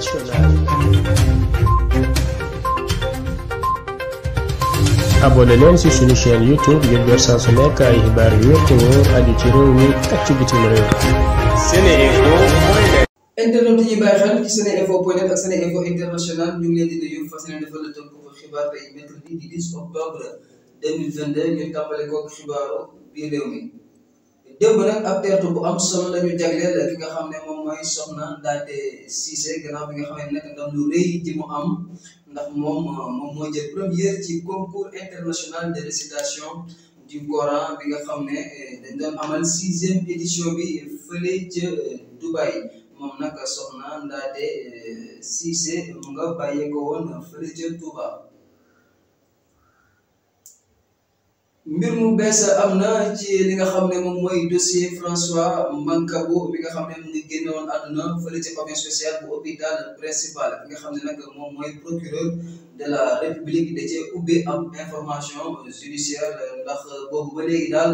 internationale. abonné leen ci suñu chaîne youtube ngir jot saa su nekk ay xibaar yu wér te mi ak ci bitim international ñu ngi di nuyu fas yéene la tënk bu xibaar tey mercredi di 10 octobre 2022 ñu tàmbale koog xibaaru biir réew mi. démb nag a teertu bu am solo la ñu a ki nga xam ne moom mooy soxna Ndaté Cissé gannaaw bi nga xam ne nag mu am ndax moom moom moo jël première ci concours international de récitation du Coran bi nga xam ne eh, dañ doon édition bi fële ca eh, Dubaï moom nag soxna Ndaté eh, Cissé mu nga bàyyeekoo woon fële ca Touba. mbir mu bees am na ci li nga xam ne moom mooy dossier François Mancabou mi nga xam ne mu ngi génne woon àdduna fële ci commission sociale bu hôpital principal nga xam ne nag moom mooy procureur de la république da cee ubbi am information judiciaire ndax boobu ba léegi daal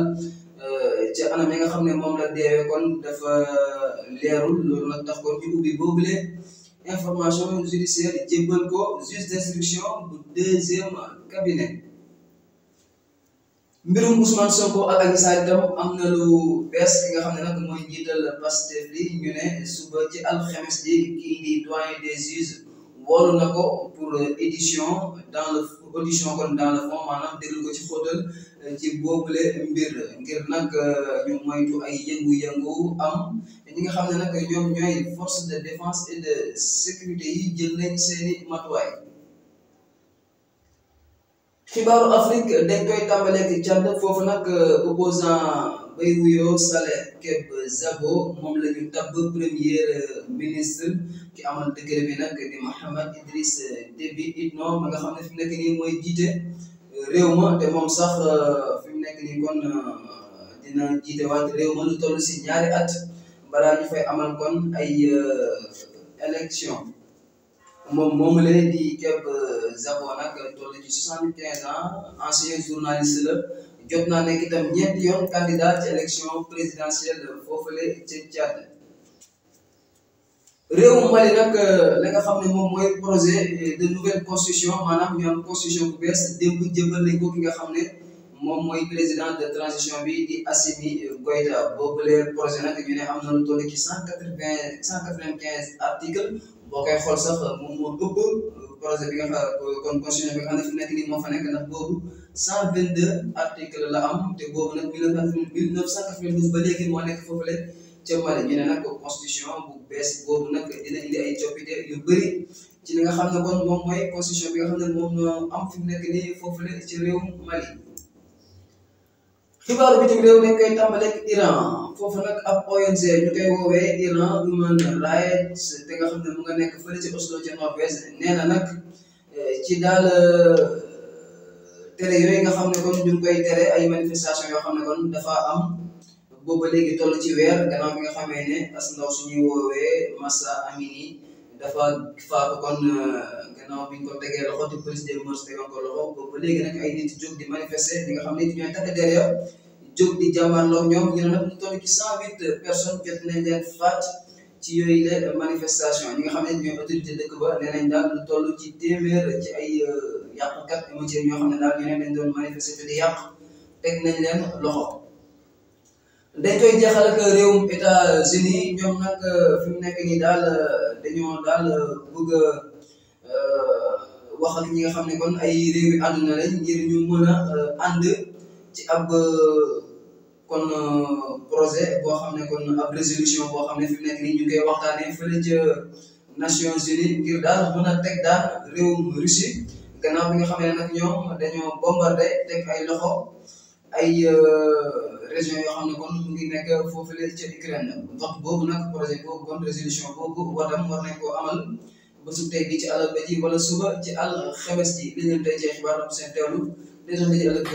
euh, ci anam yi nga xam ne moom la deewee kon dafa leerul loolu nag tax kon ñu judiciaire jébbal ko juge d'instruction bu deuxième cabinet. mbirum Ousmane Sonko ak Adji Sarr itam am na lu bees nga xam ne nag mooy njiital Pastef li ñu ne suba ci alxames ji kii di doyen des juges woolu na ko pour édition dans le audition kon dans ci xóotal euh, ci boobule mbir ngir nag euh, ñu moytu ay yëngu-yëngu am ñi nga xam ne nag ñoom ñooy force de défense et de sécurité yi jël nañ seeni matuwaay xibaaru Afrique dañ koy tàmbaleeg Tchad foofu nag euh, opposant bay wuyoo Saleh Keb Zabo moom la ñu tabb premier euh, ministre ki amal décret bi nag di Mohamed Idriss Déby Itno ma xam ne fi mu nekk nii mooy jiite euh, réew ma te moom sax fi mu nekk nii kon dina jiite waat réew ma lu toll si ñaari at balaa ñu fay amal kon ay élection moom moomu leen di Keb euh, Zabo nag toll ci soixante quinze ans ancien journaliste la jot naa nekk itam ñeenti yoon candidat élection présidentielle foofule ca Tchad. réewu Mali nag euh, la nga xam ne moom mooy projet de nouvelle constitution maanaam ñu am constitution bu bees démb jëbal nañ ko nga xam ne moom mooy président de transition bi di Assimi Goïta boobule projet nag ñu am na lu toll ci cent quatre vingt quinze articles. boo koy xool sax euh, moom moo ëpp euh, projet bi nga xam euh, kon constitution bi ne fi nekk nii moo boobu cent vingt deux article la am te boobu nag mille neuf cent quatre-vingt-douze ba léegi moo nekk foofule ca Mali ñu ne nag constitution bu bees boobu nag dina indi ay coppite yu bëri ci li nga xam ne kon moom mooy constitution bi nga xam ne moom ñoo am fi mu nekk nii foofule ci réewum Mali. xibaaru bitim réew dañ koy tàmbaleeg Iran foofu nag ab ONG ñu koy woowee Iran Human Rights te nga xam ne mu nga nekk fële ci Oslo ci Norvège nee na nag eh, ci daal eh, télé yooyu nga xam ne kon ñu ngi tere ay manifestation yoo xam ne kon dafa am boobu ba toll ci weer gannaaw bi nga xamee ne as ndaw suñuy Massa Amini dafa faatu kon euh, gannaaw bi ñu ko tegee loxo di police des mœurs tegoon ko loxo boobu ba léegi nag ay nit jóg di manifester li nga xam ne it ñooy takk der ya jóg di jàmmarloo ñoom ñu ne nag ñu toll ci cent huit personnes jot nañ leen faat ci yooyu la manifestation ñi nga xam ne ñooy autorité dëkk ba nee nañ daal lu toll ci téeméer ci ay euh, yàqkat ématière ñoo xam ne daal ñeneen dañ doon manifester te di yàq teg nañ leen loxo dañ koy jeexal ak réewum états ñoom nag euh, fi mu nekk daal euh, dañoo daal euh, bëgg a wax ak ñi nga xam ne kon ay réew yi àdduna lañ ñu mën a ànd ci ab kon projet boo xam ne kon ab résolution boo xam ne fi mu nekk ñu ngi koy waxtaanee fële ca Nations Unies ngir daal mën a teg daal réewum Russie gannaaw bi nga xam ne nag ñoom dañoo bombardé teg ay loxo. ay euh, régions yoo xam ne kon mu ngi nekk foofu la ca Ukraine waxtu boobu nag projet boobu kon résolution boobu war tam war nañ koo amal bésu tey bi ci àllarba ji wala suba ci àll xemes ji li ñu leen tey ci xibaar am seen teewlu li ñu leen di àll bi